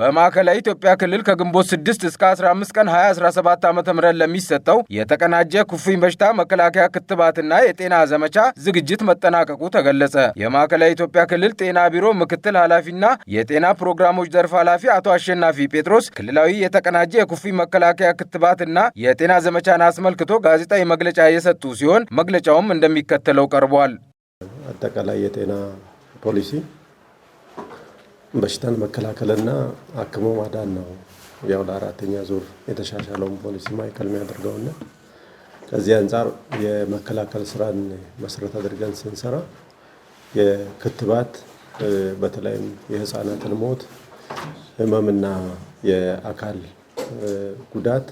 በማዕከላዊ ኢትዮጵያ ክልል ከግንቦት 6 እስከ 15 ቀን 2017 ዓ ም ለሚሰጠው የተቀናጀ ኩፍኝ በሽታ መከላከያ ክትባትና የጤና ዘመቻ ዝግጅት መጠናቀቁ ተገለጸ። የማዕከላዊ ኢትዮጵያ ክልል ጤና ቢሮ ምክትል ኃላፊና የጤና ፕሮግራሞች ዘርፍ ኃላፊ አቶ አሸናፊ ጴጥሮስ ክልላዊ የተቀናጀ የኩፍኝ መከላከያ ክትባትና የጤና ዘመቻን አስመልክቶ ጋዜጣዊ መግለጫ የሰጡ ሲሆን መግለጫውም እንደሚከተለው ቀርቧል። አጠቃላይ የጤና ፖሊሲ በሽታን መከላከልና አክሞ ማዳን ነው። ያው ለአራተኛ ዙር የተሻሻለውን ፖሊሲ ማዕከል የሚያደርገውና ከዚህ አንጻር የመከላከል ስራን መሰረት አድርገን ስንሰራ የክትባት በተለይም የህፃናትን ሞት፣ ህመምና የአካል ጉዳት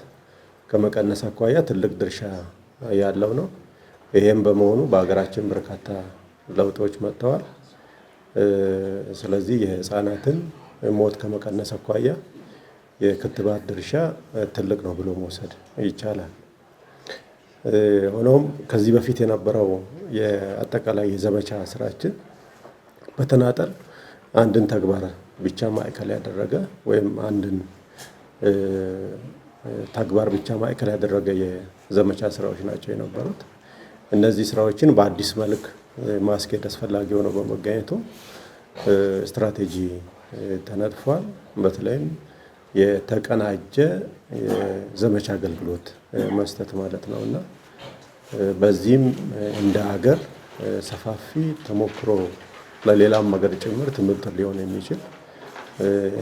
ከመቀነስ አኳያ ትልቅ ድርሻ ያለው ነው። ይህም በመሆኑ በሀገራችን በርካታ ለውጦች መጥተዋል። ስለዚህ የህፃናትን ሞት ከመቀነስ አኳያ የክትባት ድርሻ ትልቅ ነው ብሎ መውሰድ ይቻላል። ሆኖም ከዚህ በፊት የነበረው የአጠቃላይ የዘመቻ ስራችን በተናጠል አንድን ተግባር ብቻ ማዕከል ያደረገ ወይም አንድን ተግባር ብቻ ማዕከል ያደረገ የዘመቻ ስራዎች ናቸው የነበሩት። እነዚህ ስራዎችን በአዲስ መልክ ማስኬድ አስፈላጊ ሆኖ በመገኘቱ ስትራቴጂ ተነድፏል። በተለይም የተቀናጀ የዘመቻ አገልግሎት መስጠት ማለት ነው እና በዚህም እንደ ሀገር ሰፋፊ ተሞክሮ ለሌላም ሀገር ጭምር ትምህርት ሊሆን የሚችል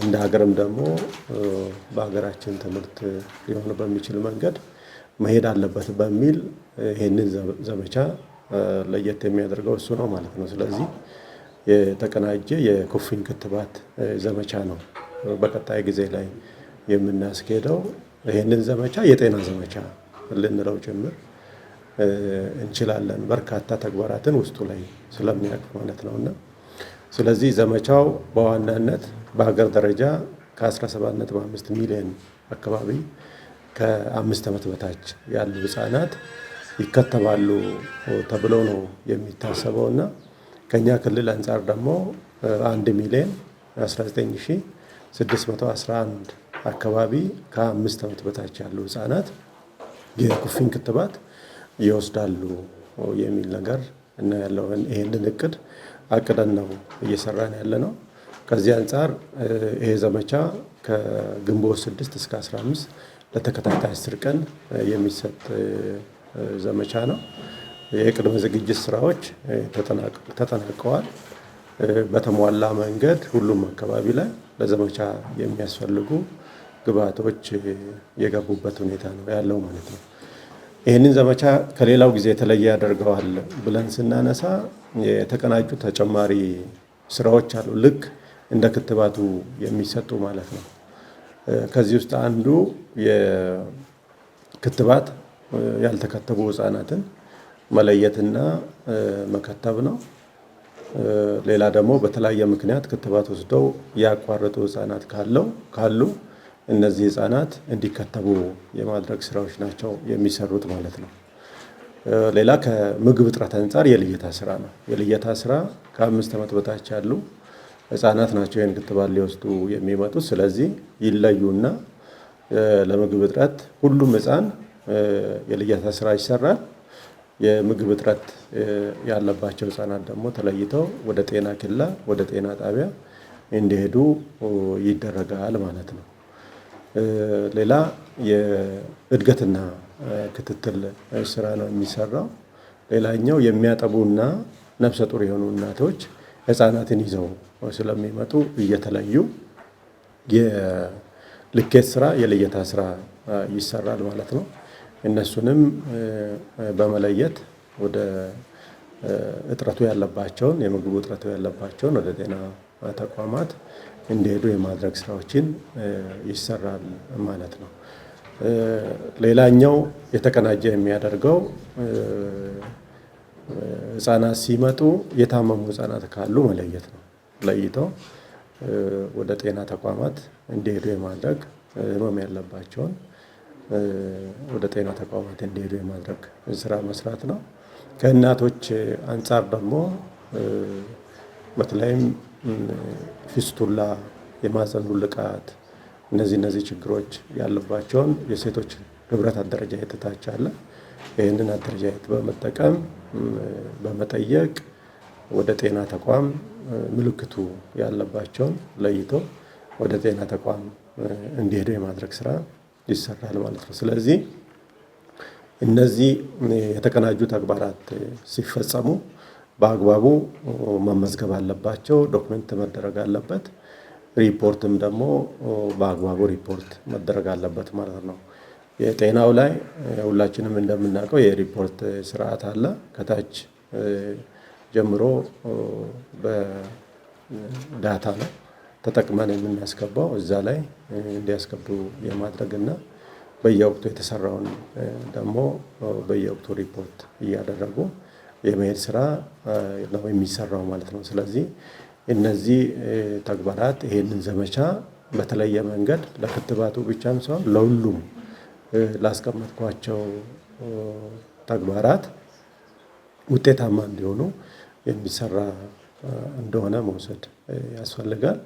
እንደ ሀገርም ደግሞ በሀገራችን ትምህርት ሊሆን በሚችል መንገድ መሄድ አለበት በሚል ይህንን ዘመቻ ለየት የሚያደርገው እሱ ነው ማለት ነው። ስለዚህ የተቀናጀ የኩፍኝ ክትባት ዘመቻ ነው በቀጣይ ጊዜ ላይ የምናስኬደው። ይህንን ዘመቻ የጤና ዘመቻ ልንለው ጭምር እንችላለን። በርካታ ተግባራትን ውስጡ ላይ ስለሚያቅ ማለት ነው እና ስለዚህ ዘመቻው በዋናነት በሀገር ደረጃ ከ17.5 ሚሊዮን አካባቢ ከአምስት ዓመት በታች ያሉ ህጻናት ይከተባሉ ተብሎ ነው የሚታሰበው እና ከኛ ክልል አንጻር ደግሞ አንድ ሚሊዮን 19611 አካባቢ ከአምስት ዓመት በታች ያሉ ህጻናት የኩፍኝ ክትባት ይወስዳሉ የሚል ነገር እና ያለውን ይህንን እቅድ አቅደን ነው እየሰራን ያለ ነው። ከዚህ አንጻር ይሄ ዘመቻ ከግንቦት 6 እስከ 15 ለተከታታይ አስር ቀን የሚሰጥ ዘመቻ ነው። የቅድመ ዝግጅት ስራዎች ተጠናቀዋል። በተሟላ መንገድ ሁሉም አካባቢ ላይ ለዘመቻ የሚያስፈልጉ ግብዓቶች የገቡበት ሁኔታ ነው ያለው ማለት ነው። ይህንን ዘመቻ ከሌላው ጊዜ የተለየ ያደርገዋል ብለን ስናነሳ የተቀናጁ ተጨማሪ ስራዎች አሉ። ልክ እንደ ክትባቱ የሚሰጡ ማለት ነው። ከዚህ ውስጥ አንዱ የክትባት ያልተከተቡ ህጻናትን መለየትና መከተብ ነው። ሌላ ደግሞ በተለያየ ምክንያት ክትባት ወስደው ያቋረጡ ህጻናት ካለው ካሉ እነዚህ ህጻናት እንዲከተቡ የማድረግ ስራዎች ናቸው የሚሰሩት ማለት ነው። ሌላ ከምግብ እጥረት አንጻር የልየታ ስራ ነው። የልየታ ስራ ከአምስት ዓመት በታች ያሉ ህጻናት ናቸው ይህን ክትባት ሊወስዱ የሚመጡት። ስለዚህ ይለዩና ለምግብ እጥረት ሁሉም ህፃን የልየታ ስራ ይሰራል። የምግብ እጥረት ያለባቸው ህጻናት ደግሞ ተለይተው ወደ ጤና ኬላ ወደ ጤና ጣቢያ እንዲሄዱ ይደረጋል ማለት ነው። ሌላ የእድገትና ክትትል ስራ ነው የሚሰራው። ሌላኛው የሚያጠቡና ነፍሰ ጡር የሆኑ እናቶች ህጻናትን ይዘው ስለሚመጡ እየተለዩ የልኬት ስራ የልየታ ስራ ይሰራል ማለት ነው። እነሱንም በመለየት ወደ እጥረቱ ያለባቸውን የምግቡ እጥረቱ ያለባቸውን ወደ ጤና ተቋማት እንዲሄዱ የማድረግ ስራዎችን ይሰራል ማለት ነው። ሌላኛው የተቀናጀ የሚያደርገው ህጻናት ሲመጡ የታመሙ ህጻናት ካሉ መለየት ነው። ለይተው ወደ ጤና ተቋማት እንዲሄዱ የማድረግ ህመም ያለባቸውን ወደ ጤና ተቋማት እንዲሄዱ የማድረግ ስራ መስራት ነው። ከእናቶች አንጻር ደግሞ በተለይም ፊስቱላ፣ የማህፀን ውልቃት እነዚህ እነዚህ ችግሮች ያለባቸውን የሴቶች ህብረት አደረጃጀት ታች አለ። ይህንን አደረጃጀት በመጠቀም በመጠየቅ ወደ ጤና ተቋም ምልክቱ ያለባቸውን ለይቶ ወደ ጤና ተቋም እንዲሄዱ የማድረግ ስራ ይሰራል ማለት ነው። ስለዚህ እነዚህ የተቀናጁ ተግባራት ሲፈጸሙ በአግባቡ መመዝገብ አለባቸው። ዶክመንት መደረግ አለበት። ሪፖርትም ደግሞ በአግባቡ ሪፖርት መደረግ አለበት ማለት ነው። የጤናው ላይ ሁላችንም እንደምናውቀው የሪፖርት ስርዓት አለ። ከታች ጀምሮ በዳታ ነው ተጠቅመን የምናስገባው እዛ ላይ እንዲያስገቡ የማድረግና በየወቅቱ የተሰራውን ደግሞ በየወቅቱ ሪፖርት እያደረጉ የመሄድ ስራ ነው የሚሰራው ማለት ነው። ስለዚህ እነዚህ ተግባራት ይሄንን ዘመቻ በተለየ መንገድ ለክትባቱ ብቻም ሳይሆን ለሁሉም ላስቀመጥኳቸው ተግባራት ውጤታማ እንዲሆኑ የሚሰራ እንደሆነ መውሰድ ያስፈልጋል።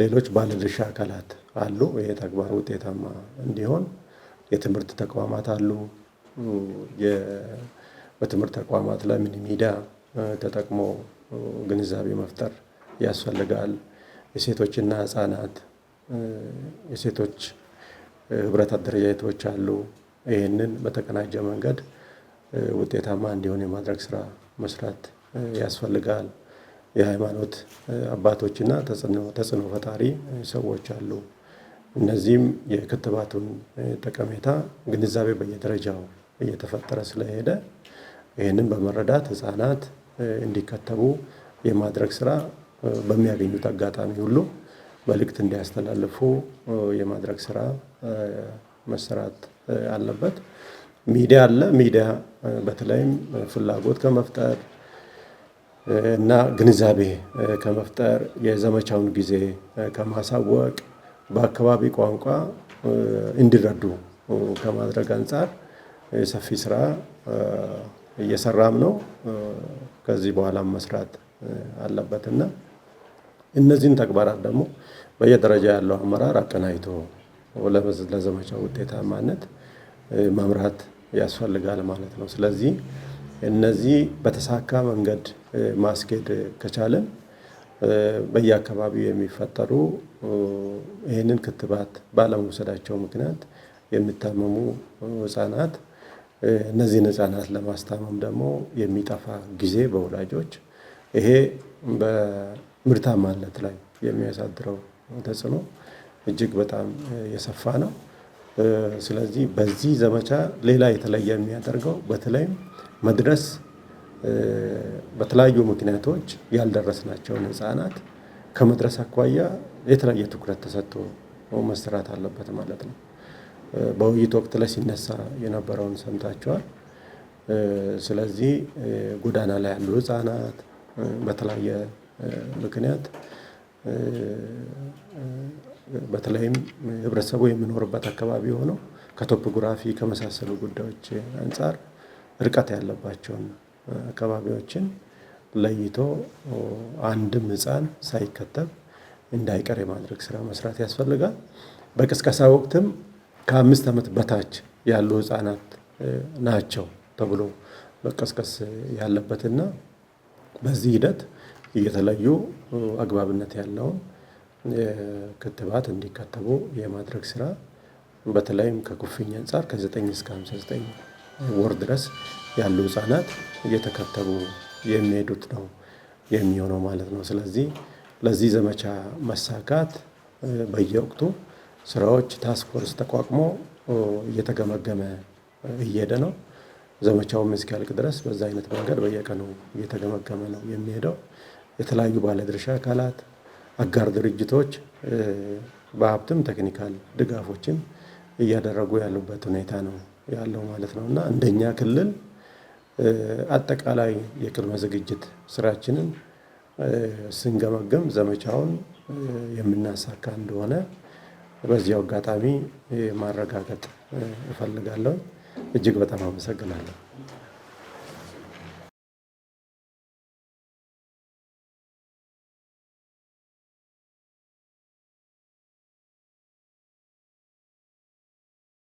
ሌሎች ባለድርሻ አካላት አሉ ይሄ ተግባር ውጤታማ እንዲሆን የትምህርት ተቋማት አሉ። በትምህርት ተቋማት ላይ ምን ሚዲያ ተጠቅሞ ግንዛቤ መፍጠር ያስፈልጋል። የሴቶችና ህፃናት የሴቶች ህብረት አደረጃጀቶች አሉ ይህንን በተቀናጀ መንገድ ውጤታማ እንዲሆን የማድረግ ስራ መስራት ያስፈልጋል የሃይማኖት አባቶችና ተጽዕኖ ፈጣሪ ሰዎች አሉ። እነዚህም የክትባቱን ጠቀሜታ ግንዛቤ በየደረጃው እየተፈጠረ ስለሄደ ይህንን በመረዳት ህፃናት እንዲከተቡ የማድረግ ስራ በሚያገኙት አጋጣሚ ሁሉ መልእክት እንዲያስተላልፉ የማድረግ ስራ መሰራት አለበት። ሚዲያ አለ። ሚዲያ በተለይም ፍላጎት ከመፍጠር እና ግንዛቤ ከመፍጠር የዘመቻውን ጊዜ ከማሳወቅ በአካባቢ ቋንቋ እንዲረዱ ከማድረግ አንጻር ሰፊ ስራ እየሰራም ነው። ከዚህ በኋላም መስራት አለበት እና እነዚህን ተግባራት ደግሞ በየደረጃ ያለው አመራር አቀናጅቶ ለዘመቻው ውጤታማነት መምራት ያስፈልጋል ማለት ነው። ስለዚህ እነዚህ በተሳካ መንገድ ማስኬድ ከቻለን በየአካባቢው የሚፈጠሩ ይህንን ክትባት ባለመውሰዳቸው ምክንያት የሚታመሙ ህጻናት እነዚህን ህጻናት ለማስታመም ደግሞ የሚጠፋ ጊዜ በወላጆች ይሄ በምርታማነት ላይ የሚያሳድረው ተጽዕኖ እጅግ በጣም የሰፋ ነው። ስለዚህ በዚህ ዘመቻ ሌላ የተለየ የሚያደርገው በተለይም መድረስ በተለያዩ ምክንያቶች ያልደረስናቸውን ህጻናት ከመድረስ አኳያ የተለያየ ትኩረት ተሰጥቶ መሰራት አለበት ማለት ነው። በውይይት ወቅት ላይ ሲነሳ የነበረውን ሰምታችኋል። ስለዚህ ጎዳና ላይ ያሉ ህጻናት በተለያየ ምክንያት በተለይም ህብረተሰቡ የሚኖርበት አካባቢ ሆነው ከቶፖግራፊ ከመሳሰሉ ጉዳዮች አንጻር ርቀት ያለባቸውን አካባቢዎችን ለይቶ አንድም ህፃን ሳይከተብ እንዳይቀር የማድረግ ስራ መስራት ያስፈልጋል። በቅስቀሳ ወቅትም ከአምስት ዓመት በታች ያሉ ህፃናት ናቸው ተብሎ መቀስቀስ ያለበትና በዚህ ሂደት እየተለዩ አግባብነት ያለውን ክትባት እንዲከተቡ የማድረግ ስራ በተለይም ከኩፍኝ አንጻር ከ9 እስከ 59 ወር ድረስ ያሉ ህጻናት እየተከተቡ የሚሄዱት ነው የሚሆነው ማለት ነው። ስለዚህ ለዚህ ዘመቻ መሳካት በየወቅቱ ስራዎች ታስክፎርስ ተቋቁሞ እየተገመገመ እየሄደ ነው። ዘመቻውም እስኪያልቅ ድረስ በዛ አይነት መንገድ በየቀኑ እየተገመገመ ነው የሚሄደው። የተለያዩ ባለድርሻ አካላት፣ አጋር ድርጅቶች በሀብትም ቴክኒካል ድጋፎችም እያደረጉ ያሉበት ሁኔታ ነው ያለው ማለት ነው እና እንደኛ ክልል አጠቃላይ የቅድመ ዝግጅት ስራችንን ስንገመገም ዘመቻውን የምናሳካ እንደሆነ በዚያው አጋጣሚ ማረጋገጥ እፈልጋለሁ። እጅግ በጣም አመሰግናለሁ።